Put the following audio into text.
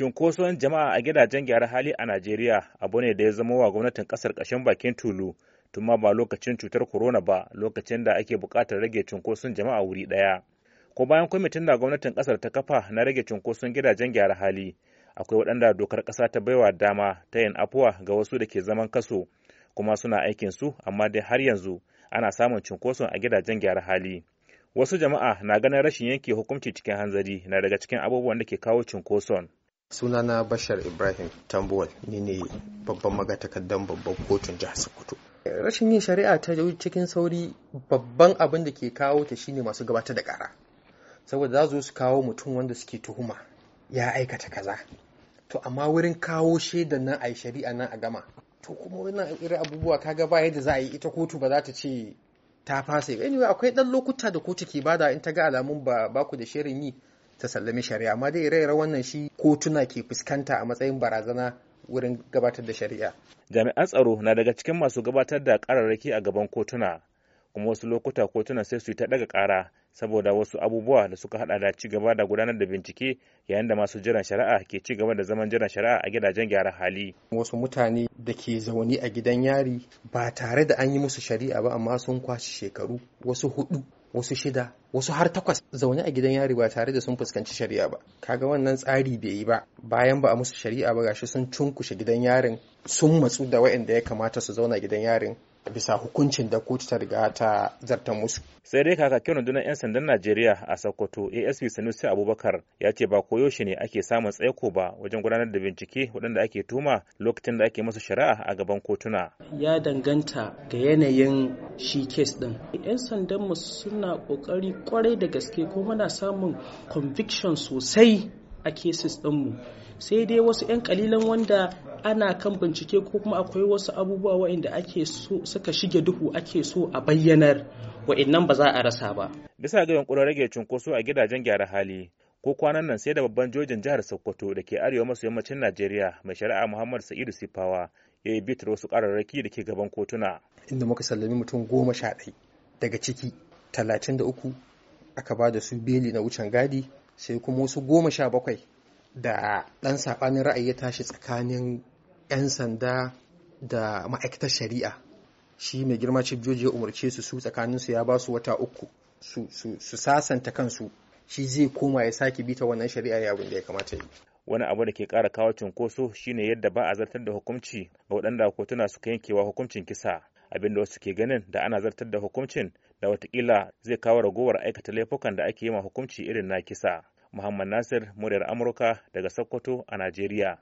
Cunkoson jama'a a gidajen gyara hali a Najeriya abu ne da ya zama wa gwamnatin kasar ƙashin bakin tulu tun ba lokacin cutar corona ba lokacin da ake buƙatar rage cunkoson jama'a wuri ɗaya. Ko bayan kwamitin da gwamnatin ƙasar ta kafa na rage cunkoson gidajen gyara hali akwai waɗanda dokar ƙasa ta baiwa dama ta yin afuwa ga wasu da ke zaman kaso kuma suna aikin su amma dai har yanzu ana samun cunkoson a gidajen gyara hali. Wasu jama'a na ganin rashin yanke hukunci cikin hanzari na daga cikin abubuwan da ke kawo cunkoson. sunana bashar ibrahim Tambuwal ni ne babban magatakardan babban kotun jihar sokoto rashin yin shari'a ta cikin sauri babban abin da ke kawo ta shine masu gabatar da kara saboda za su kawo mutum wanda suke tuhuma ya aikata kaza to amma wurin kawo shaida nan a yi shari'a nan a gama to kuma wannan irin abubuwa ga ba da za a yi ita kotu ba za ta ce ta fasa anyway akwai dan lokuta da kotu ke bada in ta ga alamun ba ku da shirin yi ta sallame shari'a amma dai ire wannan shi kotuna ke fuskanta a matsayin barazana wurin gabatar da shari'a jami'an tsaro na daga cikin masu gabatar da kararraki a gaban kotuna kuma wasu lokuta kotuna sai su yi ta daga kara saboda wasu abubuwa da suka hada da ci gaba da gudanar da bincike yayin da masu jiran shari'a ke ci gaba da zaman jiran shari'a a gidajen gyara hali wasu mutane da ke zaune a gidan yari ba tare da an yi musu shari'a ba amma sun kwashi shekaru wasu hudu wasu shida wasu har takwas zaune a gidan yari ba tare da sun fuskanci shari'a ba kaga wannan tsari bai yi ba bayan ba a musu shari'a ba gashi sun cunkushe gidan yarin sun matsu da waɗanda ya kamata su zauna gidan yarin bisa hukuncin da kotu ta riga ta zarta musu. Sai dai kakakin rundunar 'yan sandan Najeriya a Sokoto ASP Sanusi Abubakar ya ce ba koyo shi ne ake samun tsaiko ba wajen gudanar da bincike waɗanda ake tuma lokacin da ake masu shari'a a gaban kotuna. Ya danganta ga yanayin shi kes ɗin. 'Yan sandanmu suna ƙoƙari kwarai da gaske ko muna samun conviction sosai a cases ɗinmu sai dai wasu 'yan kalilan wanda ana kan bincike ko kuma akwai wasu abubuwa waɗanda ake so suka shige duhu ake so a bayyanar wa'innan ba za a rasa ba bisa ga yankunan rage cunkoso a gidajen gyara hali ko kwanan nan sai da babban jojin jihar sokoto da ke arewa maso yammacin najeriya mai shari'a muhammad sa'idu sifawa ya yi bitar wasu ƙararraki da ke gaban kotuna inda muka sallami mutum goma sha daga ciki talatin da uku aka ba da su beli na wucin gadi sai kuma wasu goma sha bakwai da ɗan saɓanin ra'ayi ya tashi tsakanin 'yan sanda da ma'aikatar shari'a shi mai girma chief ya umarce su su tsakaninsu ya ba su wata uku su sasanta kansu shi zai koma ya sake bita wannan shari'a ya abin da ya kamata yi wani abu da ke kara kawo cunkoso shine yadda ba a zartar da hukunci ga waɗanda kotuna suka yankewa hukuncin kisa abinda wasu ke ganin da ana zartar da hukuncin da watakila zai kawo ragowar aikata laifukan da ake yi ma hukunci irin na kisa. Muhammad Nasir, muryar Amurka daga Sokoto a Najeriya.